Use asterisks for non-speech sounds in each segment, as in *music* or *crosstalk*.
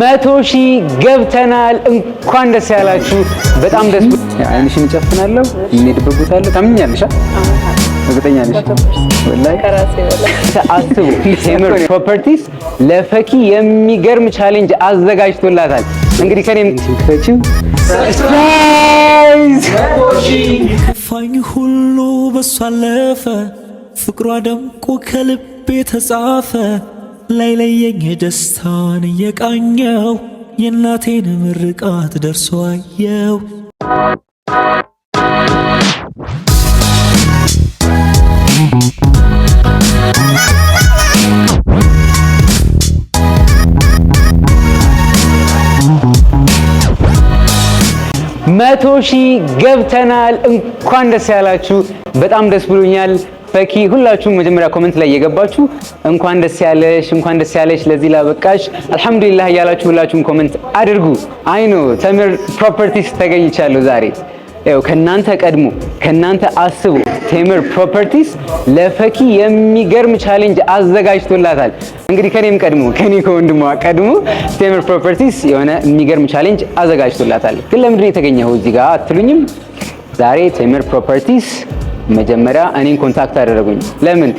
መቶ ሺህ ገብተናል። እንኳን ደስ ያላችሁ። በጣም ደስ አይንሽን እጨፍናለሁ። እንሄድበት ቦታ አለ። ታምኛለሽ? እርግጠኛ ነሽ? ወላሂ አስቡ። ቴምር ፕሮፐርቲስ ለፈኪ የሚገርም ቻሌንጅ አዘጋጅቶላታል። እንግዲህ ከኔም ትክፈችው ፋኝ ሁሉ በሷ አለፈ። ፍቅሯ ደምቆ ከልቤ ተጻፈ። ላይለየኝ ደስታን እየቃኘው የእናቴን ምርቃት ደርሶ አየው። መቶ ሺህ ገብተናል። እንኳን ደስ ያላችሁ። በጣም ደስ ብሎኛል። ፈኪ ሁላችሁም መጀመሪያ ኮመንት ላይ እየገባችሁ እንኳን ደስ ያለሽ እንኳን ደስ ያለሽ ለዚህ ላበቃሽ አልሐምዱሊላህ እያላችሁ ሁላችሁም ኮመንት አድርጉ። አይ ኖ ተምር ፕሮፐርቲስ ተገኝቻለሁ ዛሬ ያው ከናንተ ቀድሞ ከናንተ አስቦ ቴምር ፕሮፐርቲስ ለፈኪ የሚገርም ቻሌንጅ አዘጋጅቶላታል። እንግዲህ ከኔም ቀድሞ ከኔ ከወንድሟ ቀድሞ ቴምር ፕሮፐርቲስ የሆነ የሚገርም ቻሌንጅ አዘጋጅቶላታል። ግን ለምንድን የተገኘው እዚህ ጋር አትሉኝም? ዛሬ ቴምር ፕሮፐርቲስ መጀመሪያ እኔን ኮንታክት አደረጉኝ። ለምን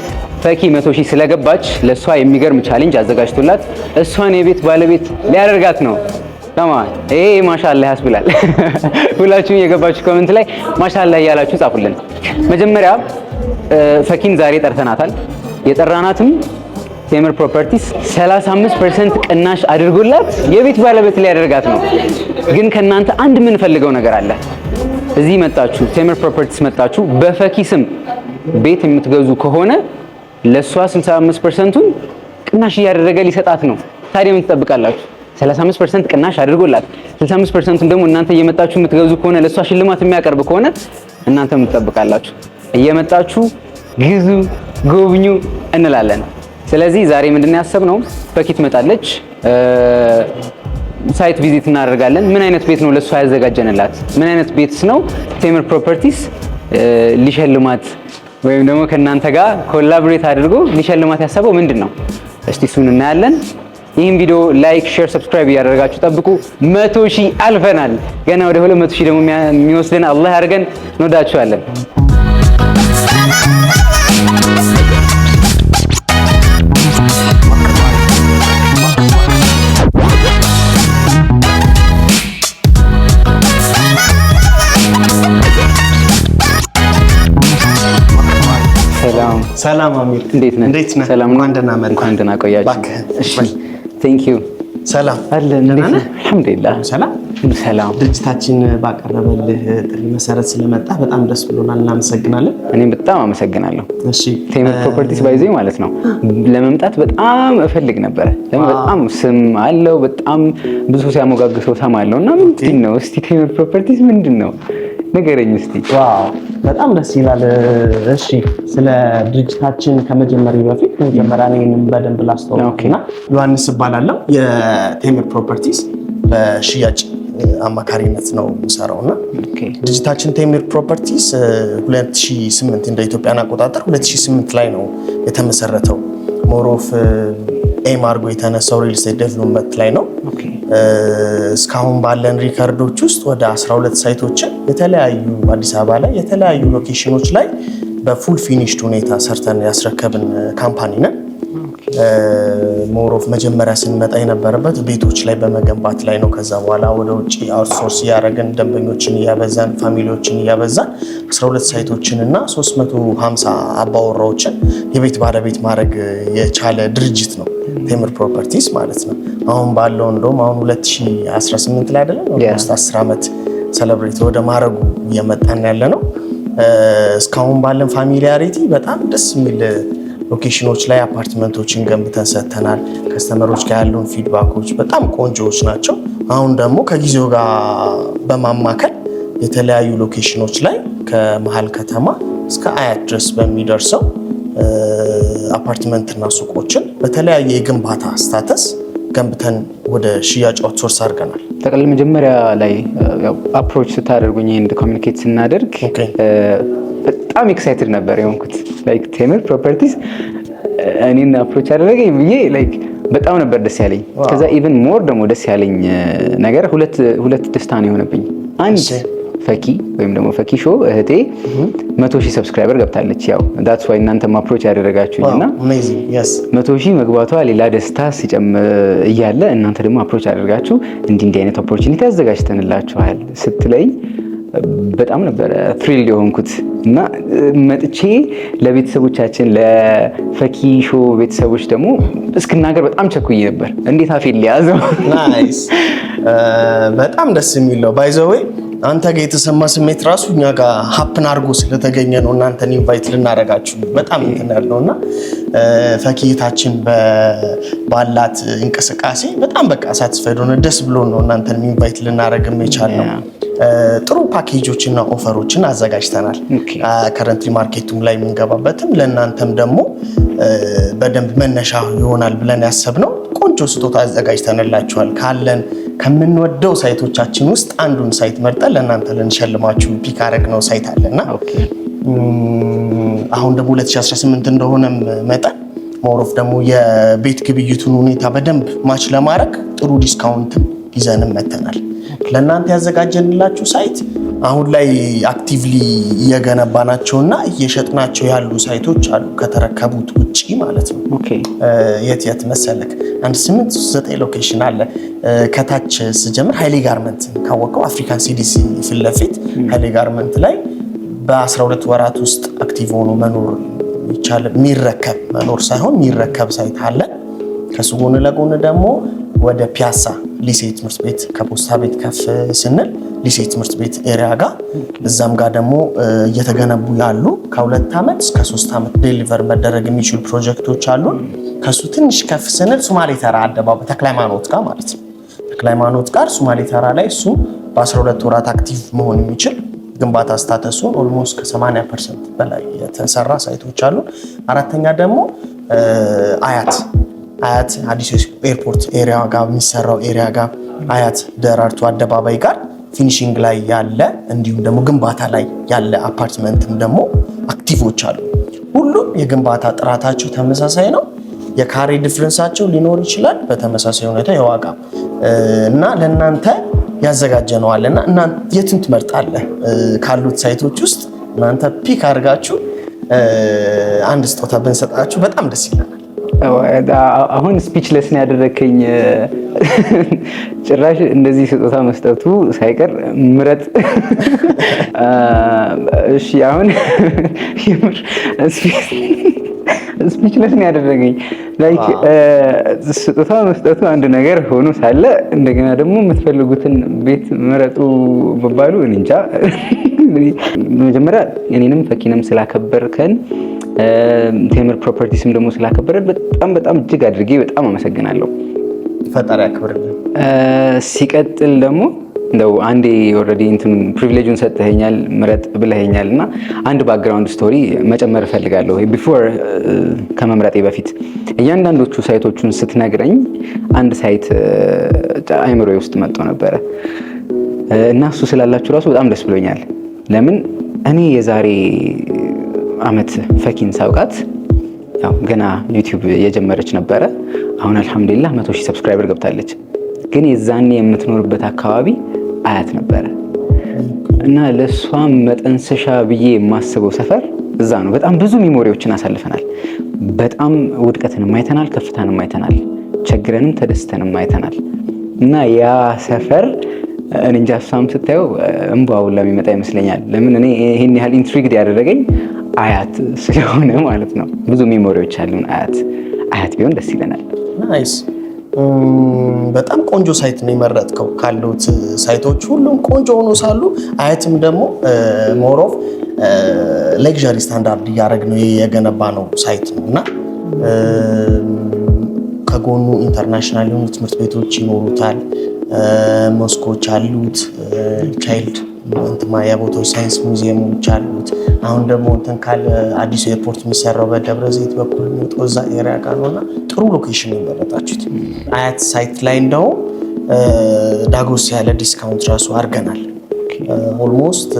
ፈኪ መቶ ሺህ ስለገባች ለእሷ የሚገርም ቻሌንጅ አዘጋጅቶላት እሷን የቤት ባለቤት ሊያደርጋት ነው። ለማ ይሄ ማሻላ ያስብላል። *laughs* ሁላችሁም የገባችሁ ኮመንት ላይ ማሻላ እያላችሁ ጻፉልን። መጀመሪያ ፈኪን ዛሬ ጠርተናታል። የጠራናትም ቴምር ፕሮፐርቲስ 35% ቅናሽ አድርጎላት የቤት ባለቤት ሊያደርጋት ነው። ግን ከእናንተ አንድ የምንፈልገው ነገር አለ። እዚህ መጣችሁ ቴምር ፕሮፐርቲስ መጣችሁ በፈኪ ስም ቤት የምትገዙ ከሆነ ለእሷ 65 ፐርሰንቱን ቅናሽ እያደረገ ሊሰጣት ነው። ታዲያ ምን ትጠብቃላችሁ? 35 ፐርሰንት ቅናሽ አድርጎላት 65 ፐርሰንቱን ደግሞ እናንተ እየመጣችሁ የምትገዙ ከሆነ ለእሷ ሽልማት የሚያቀርብ ከሆነ እናንተ ምን ትጠብቃላችሁ? እየመጣችሁ ግዙ፣ ጎብኙ እንላለን። ስለዚህ ዛሬ ምንድን ነው ያሰብነው? ፈኪ ትመጣለች። ሳይት ቪዚት እናደርጋለን። ምን አይነት ቤት ነው ለእሷ ያዘጋጀንላት? ምን አይነት ቤትስ ነው ቴምር ፕሮፐርቲስ ሊሸልማት ወይም ደግሞ ከእናንተ ጋር ኮላቦሬት አድርጎ ሊሸልማት ያሰበው ምንድን ነው? እስቲ እሱን እናያለን። ይህም ቪዲዮ ላይክ፣ ሼር፣ ሰብስክራይብ እያደረጋችሁ ጠብቁ። መቶ ሺህ አልፈናል። ገና ወደ ሁለት መቶ ሺህ ደግሞ የሚወስደን አላህ ያድርገን። እንወዳችኋለን። ሰላም አሚር፣ እንዴት ነህ? እንዴት ነህ? ሰላም እንኳን ደህና ቆያችሁ። እሺ፣ ቴንክ ዩ። ሰላም አለ። ነህ? አልሐምዱሊላህ። ሰላም ሰላም። ድርጅታችን ባቀረበልህ ጥሪ መሰረት ስለመጣ በጣም ደስ ብሎናል፣ እናመሰግናለን። እኔም በጣም አመሰግናለሁ። እሺ፣ ቴምር ፕሮፐርቲስ ባይዘኝ ማለት ነው ለመምጣት በጣም እፈልግ ነበረ። ለምን በጣም ስም አለው፣ በጣም ብዙ ሲያሞጋግሰው ሰማለሁ። እና ምንድን ነው እስቲ ቴምር ፕሮፐርቲስ ምንድን ነው ንገረኝ እስቲ። ዋው በጣም ደስ ይላል። እሺ፣ ስለ ድርጅታችን ከመጀመሪ በፊት መጀመሪያ እኔንም በደንብ ላስተዋውቅና ዮሐንስ እባላለሁ። የቴምር ፕሮፐርቲስ በሽያጭ አማካሪነት ነው የምሰራው እና ድርጅታችን ቴምር ፕሮፐርቲስ 2008 እንደ ኢትዮጵያን አቆጣጠር 2008 ላይ ነው የተመሰረተው። ሞሮፍ ኤም አድርጎ የተነሳው ሪል ስቴት ዴቨሎፕመንት ላይ ነው። እስካሁን ባለን ሪከርዶች ውስጥ ወደ 12 ሳይቶችን የተለያዩ አዲስ አበባ ላይ የተለያዩ ሎኬሽኖች ላይ በፉል ፊኒሽድ ሁኔታ ሰርተን ያስረከብን ካምፓኒ ነን። ሞሮፍ መጀመሪያ ስንመጣ የነበረበት ቤቶች ላይ በመገንባት ላይ ነው። ከዛ በኋላ ወደ ውጭ አውትሶርስ እያደረግን ደንበኞችን እያበዛን ፋሚሊዎችን እያበዛን 12 ሳይቶችን እና 350 አባወራዎችን የቤት ባለቤት ማድረግ የቻለ ድርጅት ነው ቴምር ፕሮፐርቲስ ማለት ነው። አሁን ባለው እንደውም አሁን 2018 ላይ አይደለም ስ 10 ዓመት ሰለብሬት ወደ ማድረጉ እየመጣን ያለ ነው። እስካሁን ባለን ፋሚሊያሪቲ በጣም ደስ የሚል ሎኬሽኖች ላይ አፓርትመንቶችን ገንብተን ሰጥተናል። ከስተመሮች ጋር ያሉን ፊድባኮች በጣም ቆንጆዎች ናቸው። አሁን ደግሞ ከጊዜው ጋር በማማከል የተለያዩ ሎኬሽኖች ላይ ከመሀል ከተማ እስከ አያት ድረስ በሚደርሰው አፓርትመንትና ሱቆችን በተለያየ የግንባታ ስታተስ ገንብተን ወደ ሽያጭ አውትሶርስ አድርገናል። ጠቅላላ መጀመሪያ ላይ አፕሮች ስታደርጉኝ ይህን ኮሚኒኬት ስናደርግ በጣም ኤክሳይትድ ነበር የሆንኩት። ላይክ ቴምር ፕሮፐርቲስ እኔን አፕሮች አደረገኝ ብዬ ላይክ በጣም ነበር ደስ ያለኝ። ከዛ ኢቨን ሞር ደግሞ ደስ ያለኝ ነገር ሁለት ደስታ ነው የሆነብኝ አንድ ፈኪ ወይም ደግሞ ፈኪ ሾ እህቴ መቶ ሺህ ሰብስክራይበር ገብታለች። ያው ዳትስ ዋይ እናንተ አፕሮች ያደረጋችሁ እና መቶ ሺህ መግባቷ ሌላ ደስታ ሲጨምር እያለ እናንተ ደግሞ አፕሮች ያደርጋችሁ እንዲህ እንዲህ አይነት ኦፖርቹኒቲ አዘጋጅተንላችኋል ስትለኝ በጣም ነበረ ፍሪል የሆንኩት እና መጥቼ ለቤተሰቦቻችን ለፈኪ ሾ ቤተሰቦች ደግሞ እስክናገር በጣም ቸኩዬ ነበር። እንዴት አፌል ሊያዘው። *laughs* uh, በጣም ደስ ነው ባይዘወይ አንተ ጋር የተሰማ ስሜት ራሱ እኛ ጋር ሀፕን አድርጎ ስለተገኘ ነው እናንተን ኢንቫይት ልናደርጋችሁ በጣም እንትን ያለው እና ፈኪታችን ባላት እንቅስቃሴ በጣም በቃ ሳትስፋይድ ሆነ ደስ ብሎ ነው እናንተን ኢንቫይት ልናደርግም ነው። ጥሩ ፓኬጆች እና ኦፈሮችን አዘጋጅተናል። ከረንትሊ ማርኬቱም ላይ የምንገባበትም ለእናንተም ደግሞ በደንብ መነሻ ይሆናል ብለን ያሰብነው ቆንጆ ስጦታ አዘጋጅተንላችኋል ካለን ከምንወደው ሳይቶቻችን ውስጥ አንዱን ሳይት መርጠን ለእናንተ ልንሸልማችሁ ፒክ አደረግነው ሳይት አለ እና አሁን ደግሞ 2018 እንደሆነም መጠን ሞሮፍ ደግሞ የቤት ግብይቱን ሁኔታ በደንብ ማች ለማድረግ ጥሩ ዲስካውንትም ይዘንም መተናል። ለእናንተ ያዘጋጀንላችሁ ሳይት አሁን ላይ አክቲቭሊ እየገነባናቸው እና እየሸጥናቸው ያሉ ሳይቶች አሉ ከተረከቡት ውጭ ማለት ነው። የት የት መሰለክ? አንድ ስምንት ዘጠኝ ሎኬሽን አለ። ከታች ስጀምር ሀይሌ ጋርመንት ካወቀው አፍሪካን ሲዲሲ ፊት ሀይሌ ጋርመንት ላይ በ12 ወራት ውስጥ አክቲቭ ሆኖ መኖር ይቻላል። የሚረከብ መኖር ሳይሆን የሚረከብ ሳይት አለ። ከሱ ጎን ለጎን ደግሞ ወደ ፒያሳ ሊሴ ትምህርት ቤት ከፖስታ ቤት ከፍ ስንል ሊሴ ትምህርት ቤት ኤሪያ ጋር እዛም ጋር ደግሞ እየተገነቡ ያሉ ከሁለት ዓመት እስከ ሶስት ዓመት ዴሊቨር መደረግ የሚችሉ ፕሮጀክቶች አሉን። ከሱ ትንሽ ከፍ ስንል ሱማሌ ተራ አደባባይ ተክለ ሃይማኖት ጋር ማለት ነው። ተክለ ሃይማኖት ጋር ሱማሌ ተራ ላይ እሱ በ12 ወራት አክቲቭ መሆን የሚችል ግንባታ ስታተሱን ኦልሞስት ከ80 ፐርሰንት በላይ የተሰራ ሳይቶች አሉን። አራተኛ ደግሞ አያት አያት አዲስ ኤርፖርት ኤሪያ ጋር የሚሰራው ኤሪያ ጋር አያት ደራርቱ አደባባይ ጋር ፊኒሽንግ ላይ ያለ እንዲሁም ደግሞ ግንባታ ላይ ያለ አፓርትመንትም ደግሞ አክቲቮች አሉ። ሁሉም የግንባታ ጥራታቸው ተመሳሳይ ነው። የካሬ ዲፍረንሳቸው ሊኖር ይችላል። በተመሳሳይ ሁኔታ የዋጋ እና ለእናንተ ያዘጋጀነዋል እና የትን ትመርጣለህ ካሉት ሳይቶች ውስጥ እናንተ ፒክ አድርጋችሁ አንድ ስጦታ ብንሰጣችሁ በጣም ደስ ይለናል። አሁን ስፒችለስ ነው ያደረከኝ። *laughs* ጭራሽ እንደዚህ ስጦታ መስጠቱ ሳይቀር ምረጥ። *laughs* እሺ፣ አሁን ስፒችለስ *laughs* ነው ያደረገኝ። ላይክ ስጦታ መስጠቱ አንድ ነገር ሆኖ ሳለ እንደገና ደግሞ የምትፈልጉትን ቤት ምረጡ መባሉ እንጃ። መጀመሪያ እኔንም ፈኪንም ስላከበርከን ቴምር ፕሮፐርቲስም ደግሞ ስላከበረ በጣም በጣም እጅግ አድርጌ በጣም አመሰግናለሁ። ፈጣሪ ያክብርልኝ። ሲቀጥል ደግሞ እንደው አንዴ ኦልሬዲ እንትን ፕሪቪሌጁን ሰጥተኸኛል፣ ምረጥ ብለኸኛል እና አንድ ባክግራውንድ ስቶሪ መጨመር እፈልጋለሁ። ቢፎር ከመምረጤ በፊት እያንዳንዶቹ ሳይቶቹን ስትነግረኝ አንድ ሳይት አይምሮ ውስጥ መጥቶ ነበረ እና እሱ ስላላችሁ ራሱ በጣም ደስ ብሎኛል። ለምን እኔ የዛሬ አመት ፈኪን ያው ገና ዩቲዩብ የጀመረች ነበረ። አሁን አልሐምዱሊላህ መቶ ሺህ ሰብስክራይበር ገብታለች። ግን የዛኔ የምትኖርበት አካባቢ አያት ነበረ እና ለእሷም መጠንሰሻ ብዬ የማስበው ሰፈር እዛ ነው። በጣም ብዙ ሚሞሪዎችን አሳልፈናል። በጣም ውድቀትንም አይተናል፣ ከፍታንም አይተናል፣ ቸግረንም ተደስተንም አይተናል እና ያ ሰፈር እንጃ እሷም ስታየው እምቧውን ለሚመጣ ይመስለኛል። ለምን እኔ ይህን ያህል ኢንትሪግድ ያደረገኝ አያት ስለሆነ ማለት ነው። ብዙ ሜሞሪዎች አሉን። አያት አያት ቢሆን ደስ ይለናል። ናይስ። በጣም ቆንጆ ሳይት ነው የመረጥከው። ካሉት ሳይቶች ሁሉም ቆንጆ ሆኖ ሳሉ አያትም ደግሞ ሞሮፍ ሌግዣሪ ስታንዳርድ ነው የገነባ ነው ሳይት ነው እና ከጎኑ ኢንተርናሽናል የሆኑ ትምህርት ቤቶች ይኖሩታል፣ ሞስኮች አሉት ቻይልድ ማያ ቦታዎች ሳይንስ ሙዚየሞች አሉት። አሁን ደግሞ እንትን ካለ አዲሱ ኤርፖርት የሚሰራው በደብረ ዘይት በኩል የሚወጣው እዛ ኤሪያ ጋር ነው እና ጥሩ ሎኬሽን ነው የመረጣችሁት። አያት ሳይት ላይ እንደውም ዳጎስ ያለ ዲስካውንት ራሱ አድርገናል። ኦልሞስት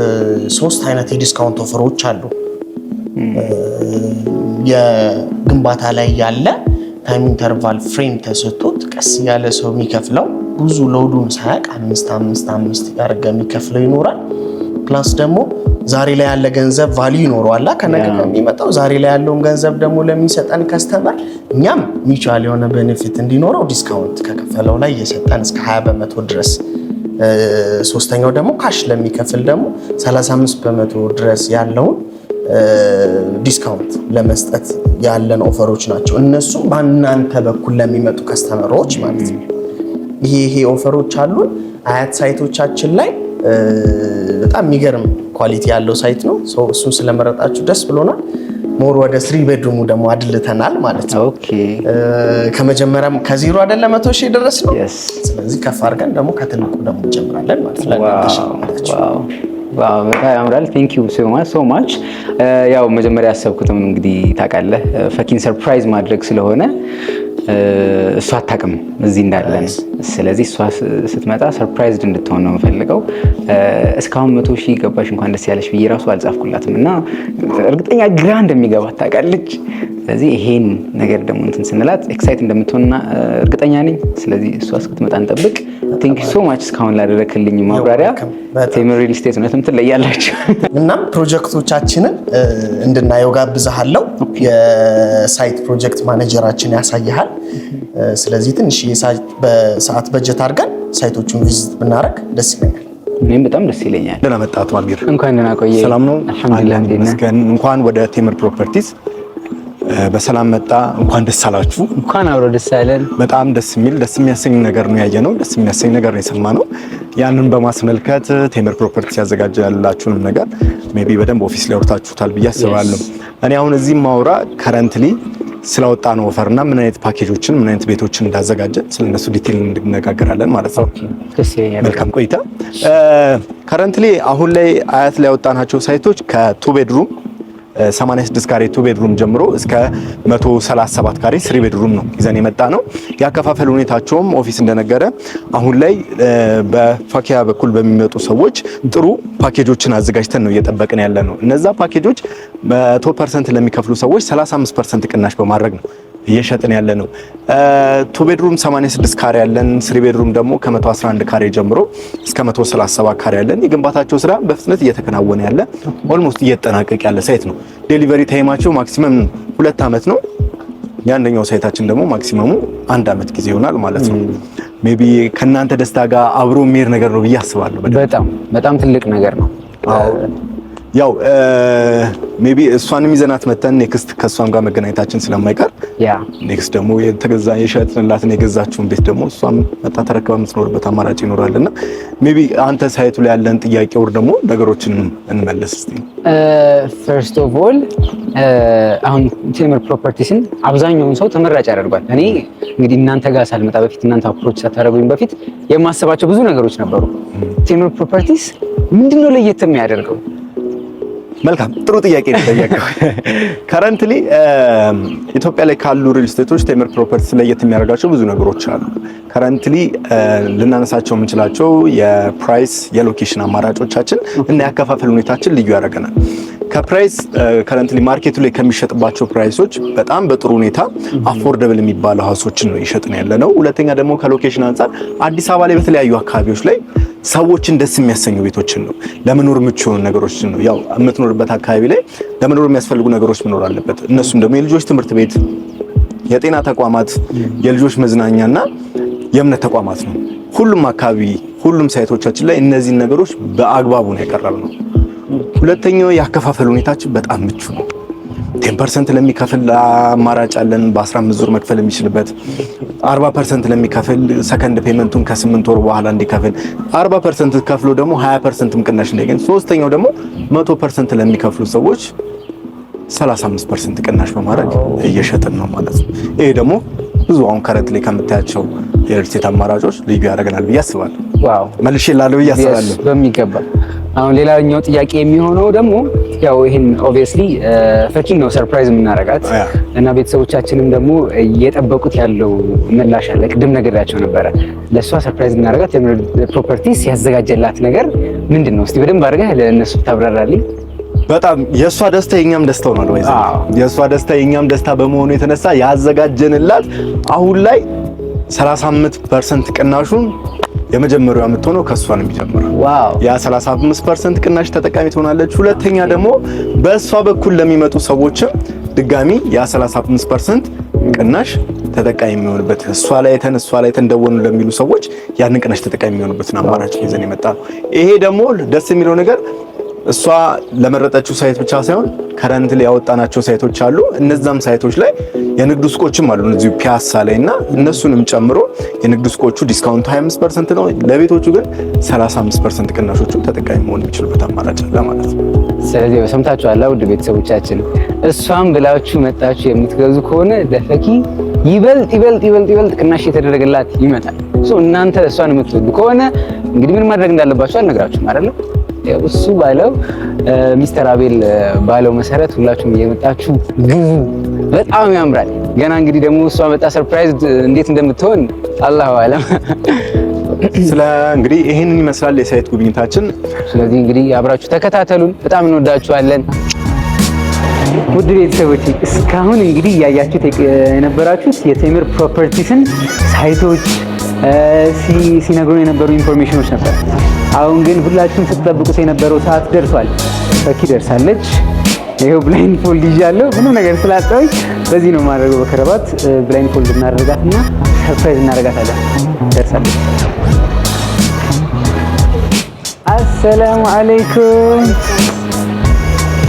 ሶስት አይነት የዲስካውንት ኦፈሮች አሉ። የግንባታ ላይ ያለ ታይም ኢንተርቫል ፍሬም ተሰጥቶት ቀስ ያለ ሰው የሚከፍለው ብዙ ሎዱን ሳያቅ አምስት አምስት አምስት ያርገ የሚከፍለው ይኖራል። ፕላስ ደግሞ ዛሬ ላይ ያለ ገንዘብ ቫሊ ይኖረዋል ከነገ የሚመጣው ዛሬ ላይ ያለውን ገንዘብ ደግሞ ለሚሰጠን ከስተመር እኛም ሚቻል የሆነ ቤኔፊት እንዲኖረው ዲስካውንት ከከፈለው ላይ እየሰጠን እስከ 20 በመቶ ድረስ ሶስተኛው ደግሞ ካሽ ለሚከፍል ደግሞ 35 በመቶ ድረስ ያለውን ዲስካውንት ለመስጠት ያለን ኦፈሮች ናቸው። እነሱም በእናንተ በኩል ለሚመጡ ከስተመሮች ማለት ነው። ይሄ ይሄ ኦፈሮች አሉን። አያት ሳይቶቻችን ላይ በጣም የሚገርም ኳሊቲ ያለው ሳይት ነው። እሱን ስለመረጣችሁ ደስ ብሎናል። ሞር ወደ ስሪ ቤድሩሙ ደግሞ አድልተናል ማለት ነው። ከመጀመሪያም ከዜሮ አይደለ መቶ ሺህ ድረስ ነው። ስለዚህ ከፍ አድርገን ደግሞ ከትልቁ ደግሞ እንጀምራለን ማለት ነው። በጣም ያምራል። ቴንክ ዩ ሶ ማች። ያው መጀመሪያ ያሰብኩትም እንግዲህ ታውቃለህ ፈኪን ሰርፕራይዝ ማድረግ ስለሆነ እሷ አታውቅም እዚህ እንዳለን። ስለዚህ እሷ ስትመጣ ሰርፕራይዝድ እንድትሆን ነው የምፈልገው። እስካሁን መቶ ሺህ ገባሽ እንኳን ደስ ያለሽ ብዬ ራሱ አልጻፍኩላትም እና እርግጠኛ ግራ እንደሚገባ ታውቃለች። ስለዚህ ይሄን ነገር ደግሞ እንትን ስንላት ኤክሳይት እንደምትሆንና እርግጠኛ ነኝ። ስለዚህ እሷ እስክትመጣ እንጠብቅ። ቴንክ ሶ ማች እስካሁን ላደረክልኝ ማብራሪያ። ቴምር ሪል ስቴት እውነትም ትለያላችሁ። እናም ፕሮጀክቶቻችንን እንድናየው ጋብዛሃለው። የሳይት ፕሮጀክት ማኔጀራችን ያሳይሃል። ስለዚህ ትንሽ በሰዓት በጀት አድርገን ሳይቶቹን ቪዚት ብናደረግ ደስ ይለኛል። እኔም በጣም ደስ ይለኛል። ደህና መጣህ አቶ እንኳን ደህና ቆየህ። ሰላም ነው? አልሐምዱሊላህ። እንኳን ወደ ቴምር ፕሮፐርቲስ በሰላም መጣ። እንኳን ደስ አላችሁ። እንኳን አብሮ ደስ አለን። በጣም ደስ የሚል ደስ የሚያሰኝ ነገር ነው ያየ ነው። ደስ የሚያሰኝ ነገር ነው የሰማ ነው። ያንን በማስመልከት ቴምር ያዘጋጀ ያዘጋጀላችሁንም ነገር ሜይ ቢ በደንብ ኦፊስ ላይ ወርታችሁታል ብዬ አስባለሁ። እኔ አሁን እዚህ ማውራ ከረንትሊ ስለወጣ ነው እና ምን አይነት ፓኬጆችን ምን አይነት ቤቶችን እንዳዘጋጀ ስለነሱ ዲቴል እንነጋገራለን ማለት ነው። መልካም ቆይታ። ከረንትሊ አሁን ላይ አያት ላይ ያወጣናቸው ሳይቶች ከቱ ቤድሩም 86 ካሬ ቱ ቤድሩም ጀምሮ እስከ 137 ካሬ ስሪ ቤድሩም ነው ይዘን የመጣ ነው። ያከፋፈል ሁኔታቸውም ኦፊስ እንደነገረ አሁን ላይ በፋኪያ በኩል በሚመጡ ሰዎች ጥሩ ፓኬጆችን አዘጋጅተን ነው እየጠበቅን ያለ ነው። እነዛ ፓኬጆች መቶ ፐርሰንት ለሚከፍሉ ሰዎች 35 ፐርሰንት ቅናሽ በማድረግ ነው እየሸጥን ያለ ነው። ቱ ቤድሩም 86 ካሬ ያለን፣ ስሪ ቤድሩም ደግሞ ከ111 ካሬ ጀምሮ እስከ 137 ካሬ ያለን የግንባታቸው ስራ በፍጥነት እየተከናወነ ያለ ኦልሞስት እየተጠናቀቅ ያለ ሳይት ነው። ዴሊቨሪ ታይማቸው ማክሲመም ሁለት ዓመት ነው። የአንደኛው ሳይታችን ደግሞ ማክሲመሙ አንድ ዓመት ጊዜ ይሆናል ማለት ነው። ሜይ ቢ ከእናንተ ደስታ ጋር አብሮ የሚሄድ ነገር ነው ብዬ አስባለሁ። በጣም በጣም ትልቅ ነገር ነው። ያው ሜቢ እሷን ይዘናት መተን ኔክስት ከእሷም ጋር መገናኘታችን ስለማይቀር ኔክስት ደግሞ የተገዛ የሸጥንላትን የገዛችውን ቤት ደግሞ እሷም መጣ ተረክባ የምትኖርበት አማራጭ ይኖራል እና ሜቢ አንተ ሳይቱ ላይ ያለን ጥያቄ ውር ደግሞ ነገሮችን እንመለስ እስኪ። ፈርስት ኦፍ ኦል አሁን ቴምር ፕሮፐርቲስን አብዛኛውን ሰው ተመራጭ ያደርጓል። እኔ እንግዲህ እናንተ ጋር ሳልመጣ በፊት እናንተ አፕሮች ሳታደረጉኝ በፊት የማስባቸው ብዙ ነገሮች ነበሩ። ቴምር ፕሮፐርቲስ ምንድነው ለየት የሚያደርገው? መልካም ጥሩ ጥያቄ ነው የጠየቀው። ከረንትሊ *laughs* ኢትዮጵያ ላይ ካሉ ሪል ስቴቶች ቴምር ፕሮፐርቲስ ለየት የሚያደርጋቸው ብዙ ነገሮች አሉ። ከረንትሊ ልናነሳቸው የምንችላቸው የፕራይስ የሎኬሽን አማራጮቻችን እና ያከፋፈል ሁኔታችን ልዩ ያደርገናል። ከፕራይስ ከረንትሊ ማርኬቱ ላይ ከሚሸጥባቸው ፕራይሶች በጣም በጥሩ ሁኔታ አፎርደብል የሚባሉ ሀውሶችን ነው ይሸጥ ያለ ነው። ሁለተኛ ደግሞ ከሎኬሽን አንጻር አዲስ አበባ ላይ በተለያዩ አካባቢዎች ላይ ሰዎችን ደስ የሚያሰኙ ቤቶችን ነው ለመኖር ምቹ የሆኑ ነገሮችን ነው ያው የምትኖር በምንኖርበት አካባቢ ላይ ለመኖር የሚያስፈልጉ ነገሮች መኖር አለበት። እነሱም ደግሞ የልጆች ትምህርት ቤት፣ የጤና ተቋማት፣ የልጆች መዝናኛና የእምነት ተቋማት ነው። ሁሉም አካባቢ ሁሉም ሳይቶቻችን ላይ እነዚህን ነገሮች በአግባቡ ነው የቀረብ ነው። ሁለተኛው የአከፋፈል ሁኔታችን በጣም ምቹ ነው። ቴን ፐርሰንት ለሚከፍል አማራጭ አለን በ15 ዙር መክፈል የሚችልበት 40 ፐርሰንት ለሚከፍል ሰከንድ ፔመንቱን ከስምንት ወር በኋላ እንዲከፍል 40 ፐርሰንት ከፍሎ ደግሞ 20 ፐርሰንትም ቅናሽ እንዲያገኝ፣ ሶስተኛው ደግሞ 100 ፐርሰንት ለሚከፍሉ ሰዎች 35 ፐርሰንት ቅናሽ በማድረግ እየሸጥን ነው ማለት ነው። ይሄ ደግሞ ብዙ አሁን ከረት ላይ ከምታያቸው የሪል አማራጮች ልዩ ያደርገናል ብዬ አስባለሁ። መልሼ ላለው ብዬ አስባለሁ በሚገባ አሁን ሌላኛው ጥያቄ የሚሆነው ደግሞ ያው ይሄን ኦብቪየስሊ ፈኪን ነው ሰርፕራይዝ የምናደርጋት እና ቤተሰቦቻችንም ደግሞ እየጠበቁት ያለው ምላሽ አለ። ቅድም ነገራቸው ነበረ ለእሷ ሰርፕራይዝ የምናረጋት ፕሮፐርቲስ ያዘጋጀላት ነገር ምንድን ነው? እስቲ በደንብ አድርገህ ለእነሱ ታብራራልኝ። በጣም የእሷ ደስታ የኛም ደስታው ነው። የእሷ ደስታ የኛም ደስታ በመሆኑ የተነሳ ያዘጋጀንላት አሁን ላይ 35 ፐርሰንት ቅናሹን የመጀመሪያው የምትሆነው ከእሷ ነው የሚጀምረው። ያ 35% ቅናሽ ተጠቃሚ ትሆናለች። ሁለተኛ ደግሞ በእሷ በኩል ለሚመጡ ሰዎችም ድጋሚ ያ 35% ቅናሽ ተጠቃሚ የሚሆንበት እሷ ላይ ተን እሷ ላይ ተን ለሚሉ ሰዎች ያን ቅናሽ ተጠቃሚ የሚሆኑበትን አማራጭ ይዘን የመጣ ነው። ይሄ ደግሞ ደስ የሚለው ነገር እሷ ለመረጠችው ሳይት ብቻ ሳይሆን ከረንት ላይ ያወጣናቸው ሳይቶች አሉ። እነዛም ሳይቶች ላይ የንግድ ሱቆችም አሉ እዚሁ ፒያሳ ላይ እና እነሱንም ጨምሮ የንግድ ሱቆቹ ዲስካውንቱ 25 ፐርሰንት ነው። ለቤቶቹ ግን 35 ፐርሰንት ቅናሾቹ ተጠቃሚ መሆን የሚችሉበት አማራጭ አለ ማለት ነው። ስለዚህ በሰምታችኋላ ውድ ቤተሰቦቻችን፣ እሷም ብላችሁ መጣችሁ የምትገዙ ከሆነ ለፈኪ ይበልጥ ይበልጥ ይበልጥ ይበልጥ ቅናሽ የተደረገላት ይመጣል። እናንተ እሷን የምትወዱ ከሆነ እንግዲህ ምን ማድረግ እንዳለባችሁ አልነግራችሁም አይደለም እሱ ባለው ሚስተር አቤል ባለው መሰረት ሁላችሁም እየመጣችሁ ግዙ። በጣም ያምራል። ገና እንግዲህ ደግሞ እሷ መጣ ሰርፕራይዝ እንዴት እንደምትሆን አላሁ አለም። ስለ እንግዲህ ይህንን ይመስላል የሳይት ጉብኝታችን። ስለዚህ እንግዲህ አብራችሁ ተከታተሉን። በጣም እንወዳችኋለን። ውድ ቤተሰቦች እስካሁን እንግዲህ እያያችሁት የነበራችሁት የቴምር ፕሮፐርቲስን ሳይቶች ሲነግሩን የነበሩ ኢንፎርሜሽኖች ነበር። አሁን ግን ሁላችሁም ስትጠብቁት የነበረው ሰዓት ደርሷል። ፈኪ ደርሳለች። ይኸው ብላይንድ ፎልድ ይዣለሁ። ምንም ነገር ስላጣሁኝ በዚህ ነው የማደርገው። በከረባት ብላይንድ ፎልድ እና ሰርፕራይዝ እናደርጋታለን። ደርሳለች። አሰላሙ አለይኩም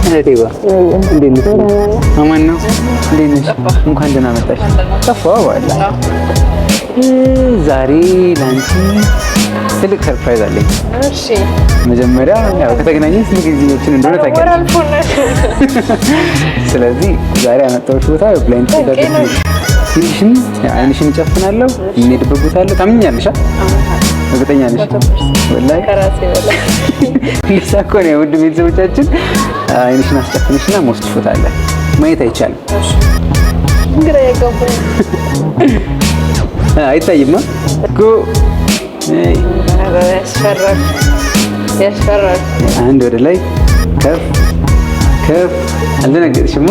እንዴት ነሽ? አማን ነው። እንዴት ነሽ? እንኳን ደህና መጣሽ። ጠፋሁ በኋላ ዛሬ ለአንቺ ትልቅ ሰርፕራይዝ አለኝ። መጀመሪያ ከተገናኘን ስንት ጊዜዎችን እንደሆነ ታውቂያለሽ። *laughs* ስለዚህ ዛሬ ያመጣሁሽ ቦታ ብላይንድ ተደርገሽ ትንሽን አይንሽን እጨፍናለሁ። የምንሄድበት ቦታ አለ። ታምኛለሽ? እርግጠኛ ነሽ? ወላሂ *laughs* ልሳ እኮ ነው። ውድ ቤተሰቦቻችን አይንሽን አስጨፍንሽና መወስድሽ ቦታ አለ። ማየት አይቻልም። *laughs* አይታይማ እኮ አንድ ወደ ላይ ከፍ ከፍ። አልደነገጥሽማ?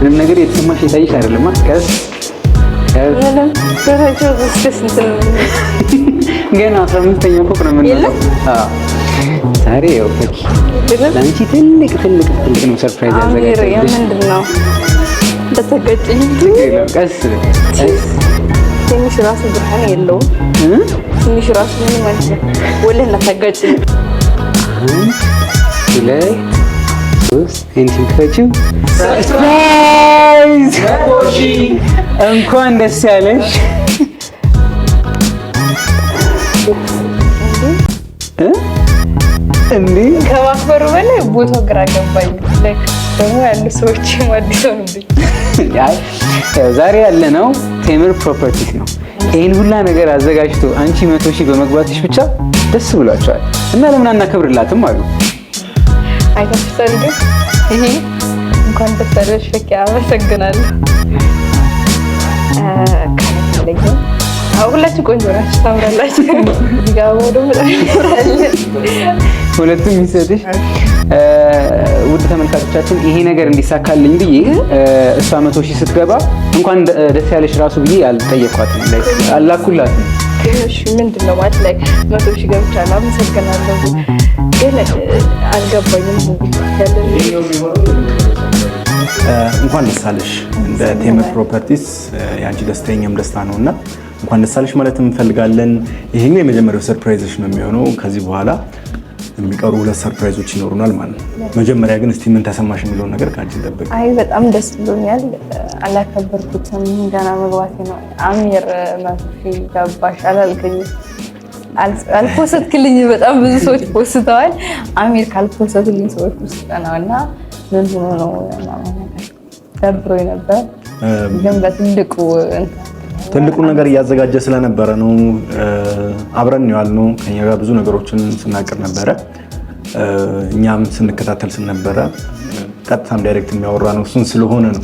ምንም ነገር የተሰማሽ የታየሽ አይደለማ? ከፍ *laughs* ገና አስራ አምስተኛ ፎቅ ነው የምንለው። ዛሬ ያው ፈኪ ለአንቺ ትልቅ ትልቅ ትልቅ ነው ሰርፕራይዝ ያዘጋጀው። ምንድን ነው? ቀስ ቀስ ትንሽ ራሱ ብርሃን የለውም። ትንሽ ራሱ ምንም ማለት ነው። ወለህ ላታጋጭ ላይ እንኳን ደስ ያለሽ። እንዴ ከማክበሩ በላይ ቦታው ግራ ገባኝ። ደግሞ ያሉ ሰዎች አዲስ ዛሬ ያለ ነው ቴምር ፕሮፐርቲስ ነው። ይህን ሁላ ነገር አዘጋጅቶ አንቺ መቶ ሺህ በመግባትሽ ብቻ ደስ ብሏቸዋል እና ለምን አናከብርላትም አሉ። አይታፍሰል ግን ይሄ እንኳን ደስ አለሽ አመሰግናለሁ። ሁላችሁ ቆንጆ ናችሁ፣ ታምራላችሁ። ሁለቱም ይሰጥሽ ውድ ተመልካቾቻችን ይሄ ነገር እንዲሳካልኝ ብዬ እሷ መቶ ሺህ ስትገባ እንኳን ደስ ያለሽ ራሱ ብዬ አልጠየኳት አላኩላት። ምንድን ነው ማለት ላይ መቶ ሺህ ገብቻለሁ፣ አመሰግናለሁ፣ ግን አልገባኝም እንኳን ደስ አለሽ። እንደ ፕሮፐርቲስ የአንቺ ደስተኛም ደስታ ነው እና እንኳን ደስ አለሽ ማለት እንፈልጋለን። ይሄኛው የመጀመሪያው ሰርፕራይዝሽ ነው የሚሆነው ከዚህ በኋላ የሚቀሩ ሁለት ሰርፕራይዞች ይኖሩናል ማለት ነው። መጀመሪያ ግን እስቲ ምን ተሰማሽ የሚለውን ነገር ከአንቺ ጠብቅ። አይ በጣም ደስ ብሎኛል። አላከበርኩትም። ገና መግባቴ ነው። አሚር መፍፊ ገባሽ አላልከኝ አልፖሰትክልኝ። በጣም ብዙ ሰዎች ፖስተዋል። አሚር ካልፖሰትልኝ ሰዎች ውስጥ ነው እና ምን ሆኖ ነው ደብሮኝ ነበር ግን በትልቁ ትልቁን ነገር እያዘጋጀ ስለነበረ ነው አብረን ያልነው። ከኛ ጋር ብዙ ነገሮችን ስናቅር ነበረ፣ እኛም ስንከታተል ስለነበረ ቀጥታም ዳይሬክት የሚያወራ ነው እሱን ስለሆነ ነው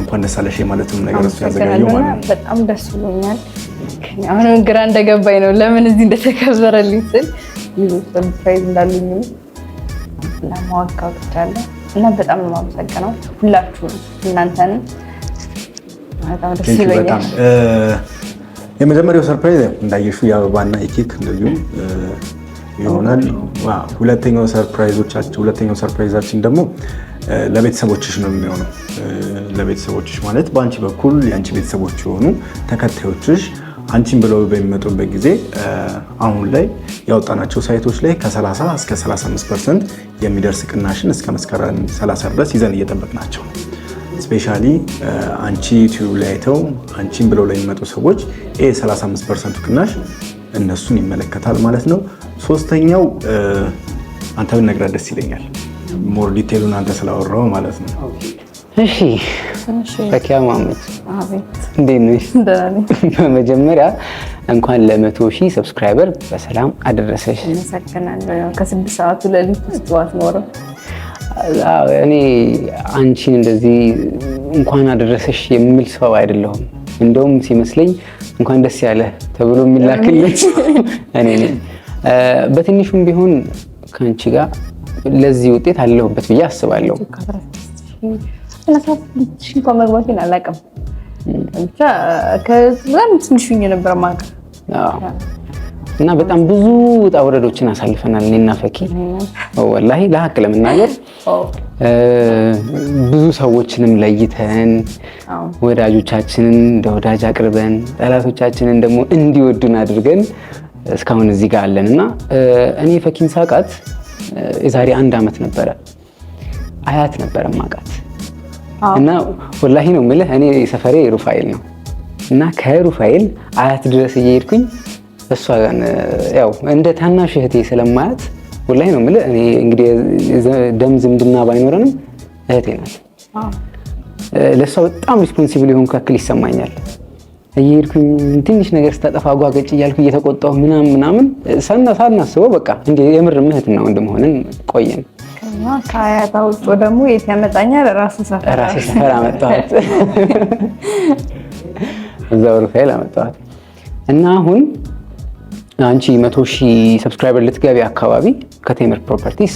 እንኳን ደስ አለሽ ማለትም ነገር እሱ ያዘጋጀው ማለት በጣም ደስ ብሎኛል። አሁንም ግራ እንደገባኝ ነው ለምን እዚህ እንደተከበረልኝ ስል ሰርፕራይዝ እንዳሉኝ ለማወቅ አውጥቻለሁ እና በጣም ነው የማመሰግነው ሁላችሁም እናንተንም በጣም የመጀመሪያው ሰርፕራይዝ እንዳየሹ የአበባና የኬክ እንደዚሁም ይሆናል። ሁለተኛው ሰርፕራይዞቻችን ሁለተኛው ሰርፕራይዛችን ደግሞ ለቤተሰቦችሽ ነው የሚሆነው። ለቤተሰቦችሽ ማለት በአንቺ በኩል የአንቺ ቤተሰቦች የሆኑ ተከታዮችሽ አንቺን ብለው በሚመጡበት ጊዜ አሁን ላይ ያወጣናቸው ሳይቶች ላይ ከ30 እስከ 35 ፐርሰንት የሚደርስ ቅናሽን እስከ መስከረም 30 ድረስ ይዘን እየጠበቅናቸው ነው። ስፔሻሊ አንቺ ዩቲዩብ ላይ አይተው አንቺን ብለው ለሚመጡ ሰዎች ይሄ 35 ፐርሰንቱ ቅናሽ እነሱን ይመለከታል ማለት ነው። ሶስተኛው አንተ ብትነግራት ደስ ይለኛል፣ ሞር ዲቴሉን አንተ ስላወራው ማለት ነው። እሺ ፈኪያ መሀመድ እንዴት ነሽ? *laughs* በመጀመሪያ እንኳን ለመቶ ሺህ ሰብስክራይበር በሰላም አደረሰሽ። አመሰግናለሁ። ከስድስት ሰዓቱ ለሊት ውስጥ ጠዋት ኖረው እኔ አንቺን እንደዚህ እንኳን አደረሰሽ የምል ሰው አይደለሁም። እንደውም ሲመስለኝ እንኳን ደስ ያለ ተብሎ የሚላክልኝ እኔ ነኝ። በትንሹም ቢሆን ከአንቺ ጋር ለዚህ ውጤት አለሁበት ብዬ አስባለሁ። እንኳን መግባቴን አላውቅም ብቻ ከዛም ትንሽ ነበር ማቀ እና በጣም ብዙ ውጣ ውረዶችን አሳልፈናል። እኔና ፈኪ ወላሂ ለሀቅ ለመናገር ብዙ ሰዎችንም ለይተን ወዳጆቻችንን እንደ ወዳጅ አቅርበን ጠላቶቻችንን ደግሞ እንዲወዱን አድርገን እስካሁን እዚህ ጋር አለን እና እኔ ፈኪን ሳቃት የዛሬ አንድ ዓመት ነበረ። አያት ነበረ ማቃት እና ወላሂ ነው የምልህ እኔ ሰፈሬ ሩፋኤል ነው እና ከሩፋኤል አያት ድረስ እየሄድኩኝ እሷ ያው እንደ ታናሽ እህቴ ስለማያት ሁላይ ነው የምልህ። እኔ እንግዲህ ደም ዝምድና ባይኖረንም እህቴ ናት። ለእሷ በጣም ሪስፖንሲብል የሆን ካክል ይሰማኛል። እየሄድኩኝ ትንሽ ነገር ስታጠፋ አጓገጭ እያልኩ እየተቆጣሁ ምናምን ምናምን ሳናስበው በቃ እንደ የምርም እህትና ወንድም ሆነን ቆየን። ከአያታ ውጭ ደግሞ የት ያመጣኛል? ራሱ ሰፈር ሰፈር አመጣኋት። *laughs* እዛ ሩፋኤል አመጣኋት እና አሁን አንቺ መቶ ሺህ ሰብስክራይበር ልትገቢ አካባቢ ከቴምር ፕሮፐርቲስ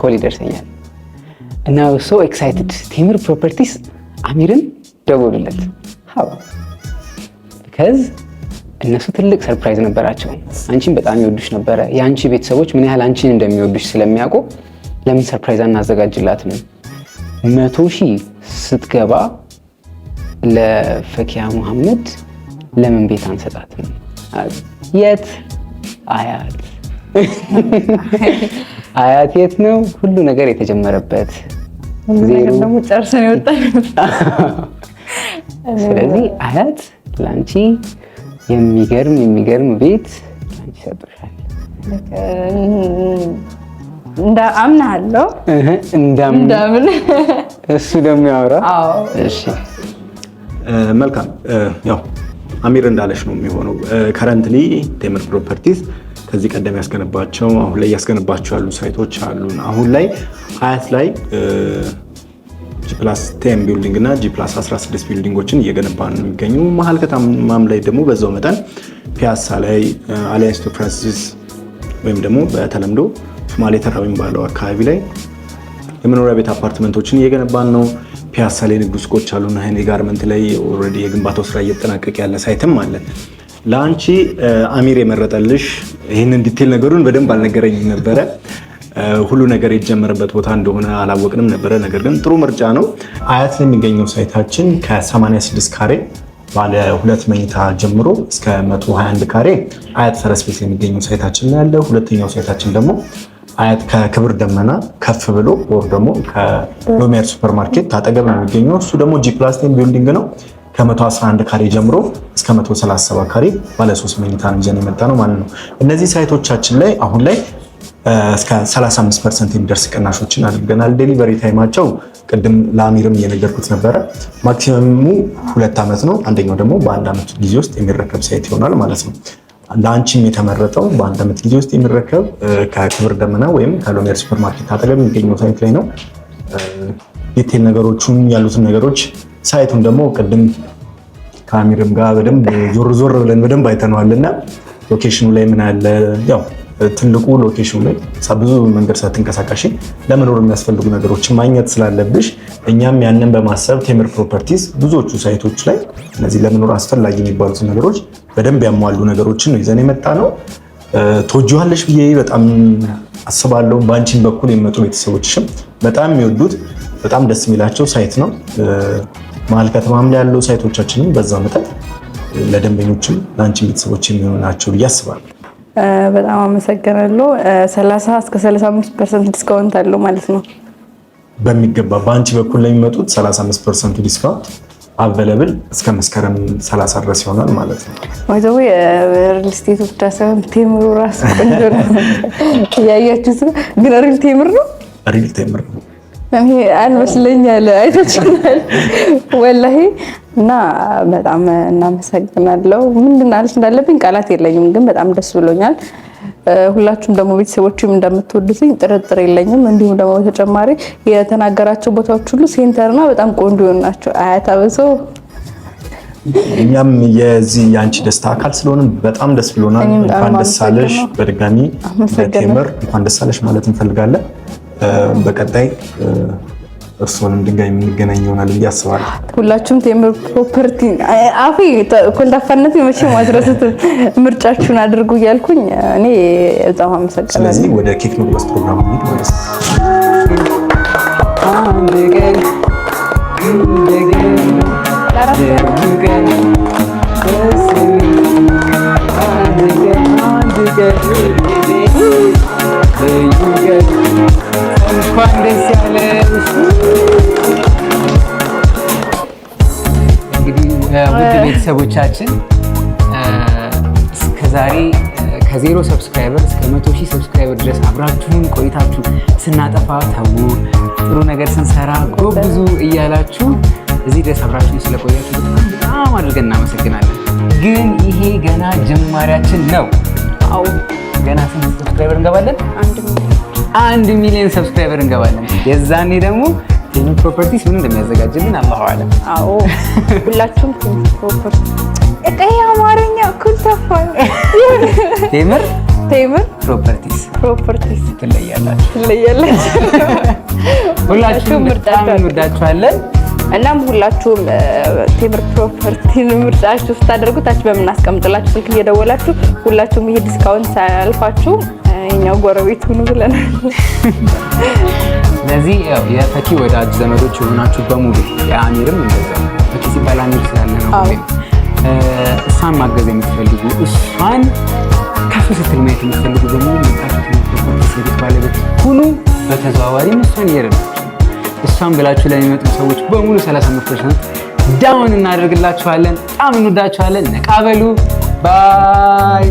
ኮል uh, ይደርሰኛል እና ሶ ኤክሳይትድ ቴምር ፕሮፐርቲስ አሚርን ደውሉለት ከዝ እነሱ ትልቅ ሰርፕራይዝ ነበራቸው። አንቺን በጣም ይወዱሽ ነበረ። የአንቺ ቤተሰቦች ምን ያህል አንቺን እንደሚወዱሽ ስለሚያውቁ ለምን ሰርፕራይዝ አናዘጋጅላትም? መቶ ሺህ ስትገባ ለፈኪያ መሐመድ ለምን ቤት አንሰጣትም? የት አያት *laughs* አያት የት ነው ሁሉ ነገር የተጀመረበት ደግሞ ጨርሰን የወጣ *laughs* ስለዚህ አያት ለአንቺ የሚገርም የሚገርም ቤት ለአንቺ ሰጥሻል አምናለሁ እንዳምን እሱ ደግሞ ያወራል መልካም ያው አሚር እንዳለች ነው የሚሆነው። ከረንትሊ ቴምር ፕሮፐርቲስ ከዚህ ቀደም ያስገነባቸው አሁን ላይ ያስገነባቸው ያሉ ሳይቶች አሉ አሁን ላይ አያት ላይ ጂፕላስ ቴን ቢልዲንግ እና ጂፕላስ 16 ቢልዲንጎችን እየገነባ ነው የሚገኙ። መሀል ከተማም ላይ ደግሞ በዛው መጠን ፒያሳ ላይ አሊያንስ ቶ ፍራንሲስ ወይም ደግሞ በተለምዶ ሶማሌ ተራዊም ባለው አካባቢ ላይ የመኖሪያ ቤት አፓርትመንቶችን እየገነባን ነው። ፒያሳ ላይ ንግድ ሱቆች አሉና እኔ ጋርመንት ላይ ኦልሬዲ የግንባታው ስራ እየተጠናቀቀ ያለ ሳይትም አለ። ለአንቺ አሚር የመረጠልሽ ይህንን ዲቴል ነገሩን በደንብ አልነገረኝ ነበረ። ሁሉ ነገር የጀመረበት ቦታ እንደሆነ አላወቅንም ነበረ። ነገር ግን ጥሩ ምርጫ ነው። አያት የሚገኘው ሳይታችን ከ86 ካሬ ባለ ሁለት መኝታ ጀምሮ እስከ 121 ካሬ አያት ፈረስ ቤት የሚገኘው ሳይታችን ላይ ያለ ሁለተኛው ሳይታችን ደግሞ አያት ከክብር ደመና ከፍ ብሎ ወር ደግሞ ከሎሜር ሱፐርማርኬት አጠገብ ነው የሚገኘው። እሱ ደግሞ ጂ ፕላስ ቴን ቢልዲንግ ነው። ከ111 ካሬ ጀምሮ እስከ 137 ካሬ ባለ 3 መኝታ ነው ይዘን የመጣ ነው ማለት ነው። እነዚህ ሳይቶቻችን ላይ አሁን ላይ እስከ 35 ፐርሰንት የሚደርስ ቅናሾችን አድርገናል። ዴሊቨሪ ታይማቸው ቅድም ለአሚርም እየነገርኩት ነበረ ማክሲመሙ ሁለት ዓመት ነው። አንደኛው ደግሞ በአንድ ዓመት ጊዜ ውስጥ የሚረከብ ሳይት ይሆናል ማለት ነው። ለአንቺም የተመረጠው በአንድ ዓመት ጊዜ ውስጥ የሚረከብ ከክብር ደመና ወይም ከሎሜር ሱፐርማርኬት አጠገብ የሚገኘው ሳይት ላይ ነው። ዲቴል ነገሮቹን ያሉትን ነገሮች ሳይቱን ደግሞ ቅድም ከአሚርም ጋር በደንብ ዞር ዞር ብለን በደንብ አይተነዋል እና ሎኬሽኑ ላይ ምን አለ ያው ትልቁ ሎኬሽኑ ላይ ብዙ መንገድ ሳትንቀሳቀሽ ለመኖር የሚያስፈልጉ ነገሮችን ማግኘት ስላለብሽ እኛም ያንን በማሰብ ቴምር ፕሮፐርቲስ ብዙዎቹ ሳይቶች ላይ እነዚህ ለመኖር አስፈላጊ የሚባሉት ነገሮች በደንብ ያሟሉ ነገሮችን ነው ይዘን የመጣ ነው። ትወጂዋለሽ ብዬ በጣም አስባለሁ። በአንቺን በኩል የሚመጡ ቤተሰቦችሽም በጣም የሚወዱት በጣም ደስ የሚላቸው ሳይት ነው። መሀል ከተማም ላይ ያለው ሳይቶቻችንም በዛ መጠን ለደንበኞችም ለአንቺን ቤተሰቦች የሚሆኑ ናቸው ብዬ አስባለሁ። በጣም አመሰግናለሁ። 30 እስከ 35 ፐርሰንት ዲስካውንት አለው ማለት ነው። በሚገባ በአንቺ በኩል ለሚመጡት 35 ፐርሰንቱ ዲስካውንት አቬለብል እስከ መስከረም ሰላሳ ድረስ ይሆናል ማለት ነው። ወይዘ ሪል ስቴቱ ብቻ ሳይሆን ቴምሩ ራሱ ቆንጆ ነው። ያያችሁት ግን ሪል ቴምር ነው፣ ሪል ቴምር ነው። ይሄ አልመስለኛል አይተችናል። ወላሂ እና በጣም እናመሰግናለው። ምንድን አለች እንዳለብኝ ቃላት የለኝም፣ ግን በጣም ደስ ብሎኛል። ሁላችሁም ደግሞ ቤተሰቦችም እንደምትወዱትኝ ጥርጥር የለኝም። እንዲሁም ደግሞ በተጨማሪ የተናገራቸው ቦታዎች ሁሉ ሴንተርና በጣም ቆንጆ ናቸው። አያት አበሶ እኛም የዚህ የአንቺ ደስታ አካል ስለሆንን በጣም ደስ ብሎናል። እንኳን ደስ አለሽ በድጋሚ ቴምር፣ እንኳን ደስ አለሽ ማለት እንፈልጋለን። በቀጣይ እርሶንም ድንጋይ የምንገናኝ ይሆናል ብዬ አስባለሁ። ሁላችሁም ቴምር ፕሮፐርቲ አፌ ኮልታፋነት መቼ ማድረሱት ምርጫችሁን አድርጉ እያልኩኝ እኔ በጣም አመሰግናለሁ። ስለዚህ ወደ ኬክ መቁረስ ፕሮግራም ሄድ ማለት ነው። እንኳን ደስ ያለሽ። እንግዲህ ውድ ቤተሰቦቻችን እስከዛሬ ከዜሮ ሰብስክራይበር እስከ መቶ ሺህ ሰብስክራይበር ድረስ አብራችሁን ቆይታችሁ ስናጠፋ ተዉ፣ ጥሩ ነገር ስንሰራ ጎብዙ እያላችሁ እዚህ ድረስ አብራችሁን ስለቆያችሁ በጣም አድርገን እናመሰግናለን። ግን ይሄ ገና ጅማሪያችን ነው። አዎ ገና ስንት ሰብስክራይበር እንገባለን? አንድ ሚሊዮን ሰብስክራይበር እንገባለን። የዛኔ ደግሞ ቴኒ ፕሮፐርቲስ ምን እንደሚያዘጋጅልን አላሁ አለም። አዎ ሁላችሁም ቴኒ ፕሮፐርቲስ እቀይ አማርኛ ኩል ተፋ ቴምር ቴምር ፕሮፐርቲስ ፕሮፐርቲስ ትለያላችሁ ትለያላችሁ። *laughs* ሁላችሁም በጣም እንወዳችኋለን። እናም ሁላችሁም ቴምር ፕሮፐርቲን ምርጫችሁ ስታደርጉ ታች በምናስቀምጥላችሁ ስልክ እየደወላችሁ ሁላችሁም ይሄ ዲስካውንት ሳያልፋችሁ የኛው ጎረቤት ሁኑ ብለናል። ለዚህ የፈኪ ወዳጅ ዘመዶች የሆናችሁ በሙሉ የአሚርም እንደዛ ፈኪ ሲባል አሚር ስላለ ነው። እሷን ማገዝ የምትፈልጉ እሷን ከፍ ስትል ማየት የምትፈልጉ በሙሉ ሴት ባለቤት ሁኑ። በተዘዋዋሪ እሷን የርም እሷን ብላችሁ ለሚመጡ ሰዎች በሙሉ 35 ፐርሰንት ዳውን እናደርግላችኋለን። በጣም እንወዳችኋለን። ነቃበሉ ባይ